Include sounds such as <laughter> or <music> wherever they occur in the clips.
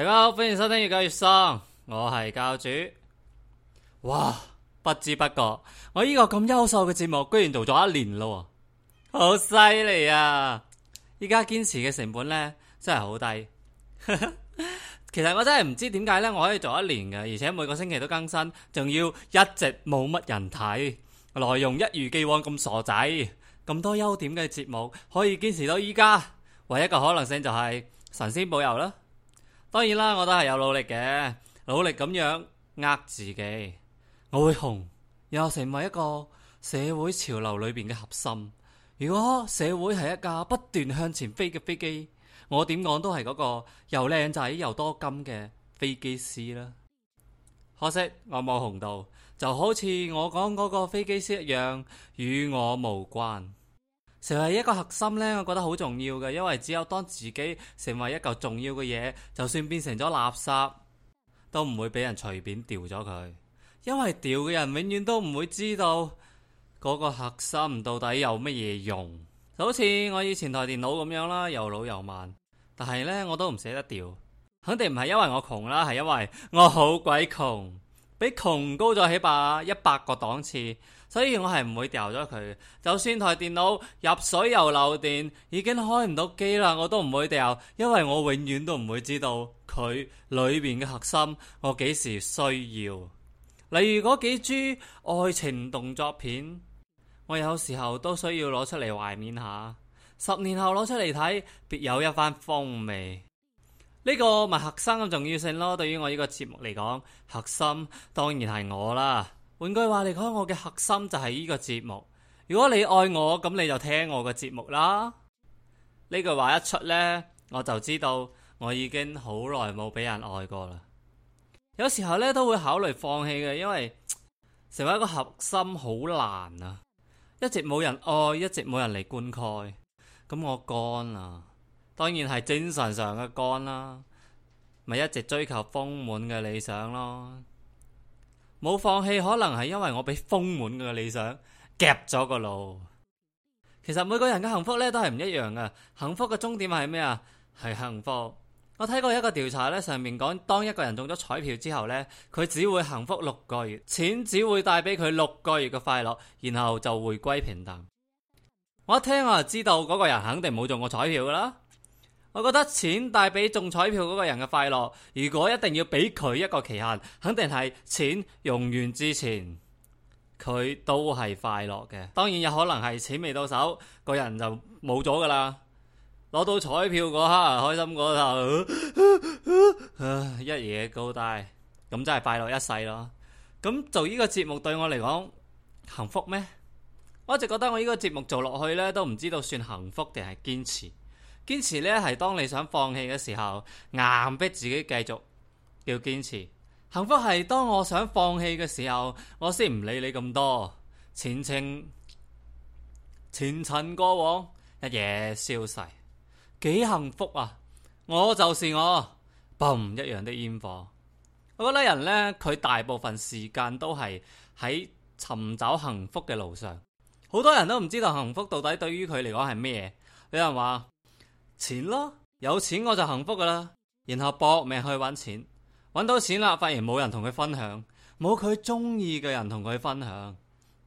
大家好，歡迎收聽《越教越生》，我係教主。哇，不知不覺我依個咁優秀嘅節目，居然做咗一年咯，好犀利啊！依家堅持嘅成本呢，真係好低。 <laughs> 其實我真係唔知點解呢，我可以做一年嘅，而且每個星期都更新，仲要一直冇乜人睇，內容一如既往咁傻仔，咁多優點嘅節目可以堅持到依家，唯一嘅可能性就係神仙保佑啦。當然啦，我都係有努力嘅，努力咁樣呃自己，我會紅，又成為一個社會潮流裏邊嘅核心。如果社會係一架不斷向前飛嘅飛機，我點講都係嗰個又靚仔又多金嘅飛機師啦。可惜我冇紅到，就好似我講嗰個飛機師一樣，與我無關。成為一個核心呢，我覺得好重要嘅，因為只有當自己成為一個重要嘅嘢，就算變成咗垃圾，都唔會俾人隨便掉咗佢。因為掉嘅人永遠都唔會知道嗰個核心到底有乜嘢用。就好似我以前台電腦咁樣啦，又老又慢，但係呢，我都唔捨得掉，肯定唔係因為我窮啦，係因為我好鬼窮，比窮高咗起碼一百個檔次。所以我係唔會掉咗佢，就算台電腦入水又漏電，已經開唔到機啦，我都唔會掉，因為我永遠都唔會知道佢裏面嘅核心，我幾時需要。例如嗰幾 G 愛情動作片，我有時候都需要攞出嚟懷緬下，十年後攞出嚟睇，別有一番風味。呢個咪核心嘅重要性咯，對於我呢個節目嚟講，核心當然係我啦。換句話嚟講，我嘅核心就係呢個節目。如果你愛我，咁你就聽我嘅節目啦。呢句話一出呢，我就知道我已經好耐冇俾人愛過啦。有時候呢，都會考慮放棄嘅，因為成為一個核心好難啊。一直冇人愛，一直冇人嚟灌溉，咁我乾啦、啊。當然係精神上嘅乾啦，咪一直追求豐滿嘅理想咯、啊。冇放棄，可能係因為我俾豐滿嘅理想夾咗個路。其實每個人嘅幸福咧都係唔一樣嘅。幸福嘅終點係咩啊？係幸福。我睇過一個調查咧,上面講當一個人中咗彩票之後咧，佢只會幸福六個月，錢只會帶俾佢六個月嘅快樂，然後就回歸平淡。我一聽我就知道嗰個人肯定冇中過彩票㗎啦。我覺得錢帶俾中彩票嗰個人嘅快樂，如果一定要俾佢一個期限，肯定係錢用完之前，佢都係快樂嘅。當然有可能係錢未到手，個人就冇咗噶啦。攞到彩票嗰刻開心嗰頭，啊啊啊，一夜高大，咁真係快樂一世咯。咁做呢個節目對我嚟講幸福咩？我一直覺得我呢個節目做落去呢，都唔知道算幸福定係堅持。堅持呢，係當你想放棄嘅時候，硬逼自己繼續要堅持。幸福係當我想放棄嘅時候，我先唔理你咁多前程前塵過往一夜消逝，幾幸福啊！我就是我，嘣一樣的煙火。我覺得人呢，佢大部分時間都係喺尋找幸福嘅路上，好多人都唔知道幸福到底對於佢嚟講係咩。有人話。錢咯，有錢我就幸福噶啦。然後搏命去揾錢，揾到錢啦，發現冇人同佢分享，冇佢中意嘅人同佢分享。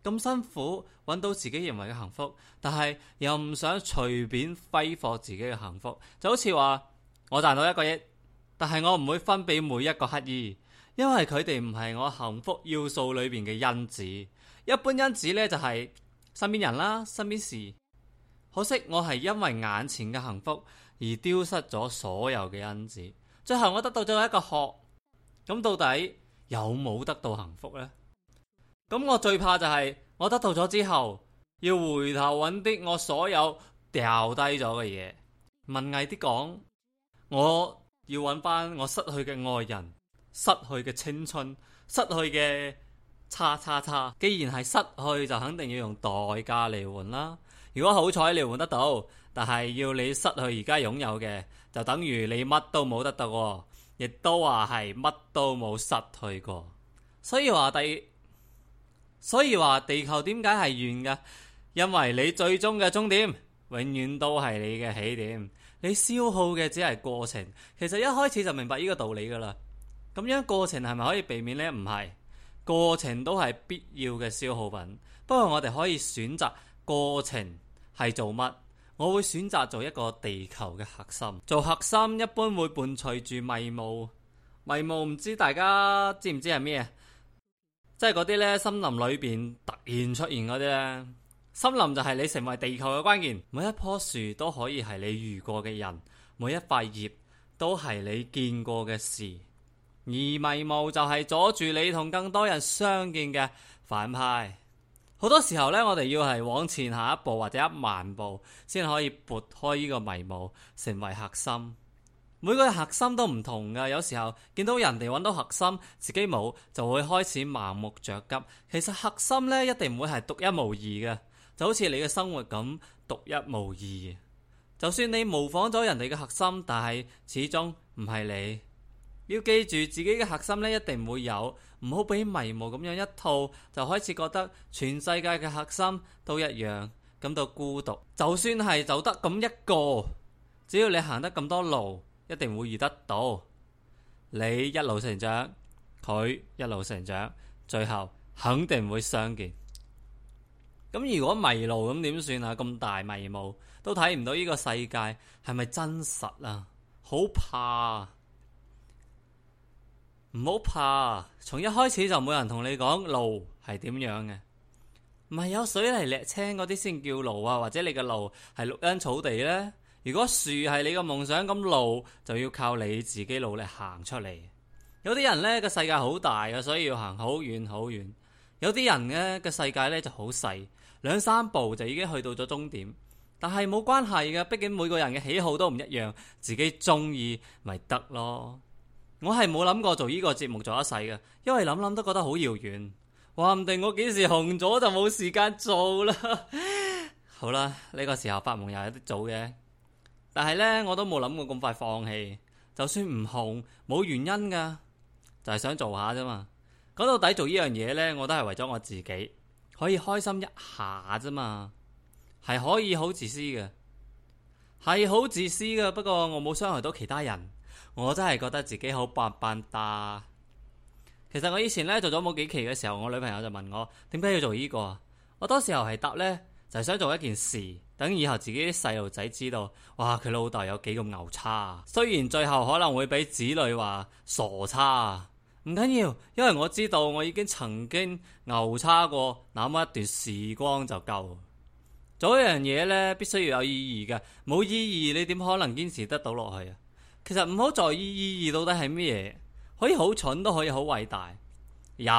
咁辛苦揾到自己認為嘅幸福，但係又唔想隨便揮霍自己嘅幸福。就好似話，我賺到一個億，但係我唔會分俾每一個乞兒，因為佢哋唔係我幸福要素裏邊嘅因子。一般因子呢，就係身邊人啦，身邊事。可惜我係因為眼前嘅幸福而丟失咗所有嘅因子，最後我得到咗一個殼。咁到底有冇得到幸福呢？咁我最怕就係我得到咗之後，要回頭揾啲我所有掉低咗嘅嘢。文藝啲講，我要揾翻我失去嘅愛人、失去嘅青春、失去嘅叉叉叉。既然係失去，就肯定要用代價嚟換啦。如果好彩你換得到，但係要你失去而家擁有嘅，就等於你乜都冇得到，亦都話係乜都冇失去過。所以話地，所以話地球點解係圓嘅？因為你最終嘅終點永遠都係你嘅起點，你消耗嘅只係過程。其實一開始就明白呢個道理噶啦。咁樣過程係咪可以避免呢？唔係，過程都係必要嘅消耗品。不過我哋可以選擇。過程係做乜？我會選擇做一個地球嘅核心。做核心一般會伴隨住迷霧，迷霧唔知大家知唔知係咩？即係嗰啲呢，森林裏邊突然出現嗰啲呢。森林就係你成為地球嘅關鍵，每一棵樹都可以係你遇過嘅人，每一塊葉都係你見過嘅事，而迷霧就係阻住你同更多人相見嘅反派。好多時候咧，我哋要係往前下一步或者一萬步，先可以撥開呢個迷霧，成為核心。每個核心都唔同噶。有時候見到人哋搵到核心，自己冇就會開始盲目着急。其實核心咧一定唔會係獨一無二嘅，就好似你嘅生活咁獨一無二。就算你模仿咗人哋嘅核心，但係始終唔係你。要記住自己嘅核心咧，一定會有，唔好俾迷霧咁樣一套，就開始覺得全世界嘅核心都一樣，感到孤獨。就算係走得咁一個，只要你行得咁多路，一定會遇得到。你一路成長，佢一路成長，最後肯定會相見。咁如果迷路咁點算啊？咁大迷霧都睇唔到呢個世界係咪真實啊？好怕。唔好怕，從一開始就冇人同你講路係點樣嘅，唔係有水泥瀝青嗰啲先叫路啊，或者你嘅路係綠茵草地呢？如果樹係你嘅夢想，咁路就要靠你自己努力行出嚟。有啲人呢、這個世界好大嘅，所以要行好遠好遠；有啲人呢嘅、這個、世界呢就好細，兩三步就已經去到咗終點。但係冇關係嘅，畢竟每個人嘅喜好都唔一樣，自己中意咪得咯。我係冇諗過做呢個節目做一世嘅，因為諗諗都覺得好遙遠。話唔定我幾時紅咗就冇時間做啦。 <laughs> 好啦，呢個時候發夢又有啲早嘅，但係呢，我都冇諗過咁快放棄。就算唔紅，冇原因噶，就係想做下啫嘛。講到底做呢樣嘢呢，我都係為咗我自己，可以開心一下啫嘛。係可以好自私嘅，係好自私噶。不過我冇傷害到其他人。我真係覺得自己好棒棒噠。其實我以前咧做咗冇幾期嘅時候，我女朋友就問我點解要做呢個。我當時候係答呢，就係、是、想做一件事，等以後自己啲細路仔知道，哇，佢老豆有幾咁牛叉。雖然最後可能會俾子女話傻叉，唔緊要，因為我知道我已經曾經牛叉過那麼一段時光就夠。做一樣嘢呢，必須要有意義嘅，冇意義你點可能堅持得到落去啊？其實唔好在意意義到底係乜嘢，可以好蠢都可以好偉大，有，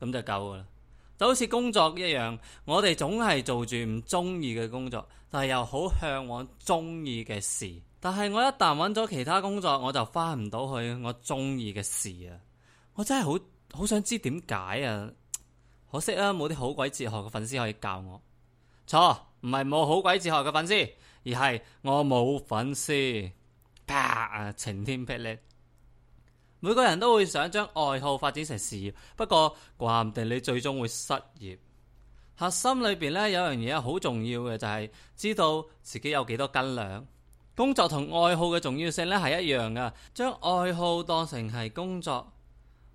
咁就夠噶啦。就好似工作一樣，我哋總係做住唔中意嘅工作，但係又好向往中意嘅事。但係我一旦揾咗其他工作，我就翻唔到去我中意嘅事啊！我真係好好想知點解啊！可惜啊，冇啲好鬼哲學嘅粉絲可以教我。錯，唔係冇好鬼哲學嘅粉絲，而係我冇粉絲。啪，晴天霹靂，每個人都會想將愛好發展成事業，不過話唔定你最終會失業。核心裏邊咧有樣嘢好重要嘅，就係知道自己有幾多斤兩。工作同愛好嘅重要性咧係一樣噶。將愛好當成係工作，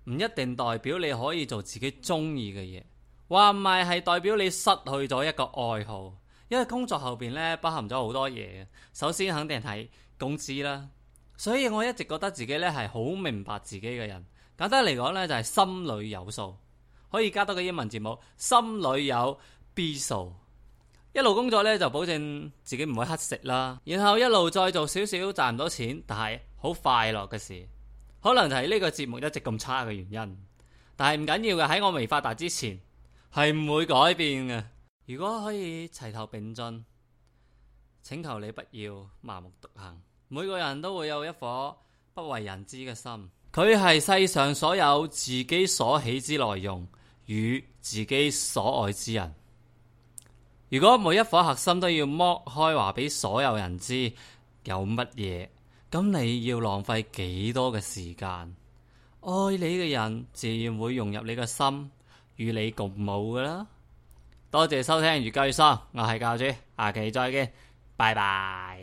唔一定代表你可以做自己中意嘅嘢，話唔係係代表你失去咗一個愛好。因為工作後邊咧包含咗好多嘢，首先肯定係。工資啦，所以我一直覺得自己咧係好明白自己嘅人。簡單嚟講呢就係、是、心裏有數，可以加多個英文字母心裏有 b 數。一路工作呢，就保證自己唔會乞食啦，然後一路再做少少賺唔到錢，但係好快樂嘅事。可能就係呢個節目一直咁差嘅原因，但係唔緊要嘅。喺我未發達之前係唔會改變嘅。如果可以齊頭並進。請求你不要盲目獨行。每個人都會有一顆不為人知嘅心，佢係世上所有自己所喜之內容與自己所愛之人。如果每一顆核心都要剝開話俾所有人知有乜嘢，咁你要浪費幾多嘅時間？愛你嘅人自然會融入你嘅心，與你共舞噶啦。多謝收聽《越教越爽》，我係教主，下期再見。拜拜。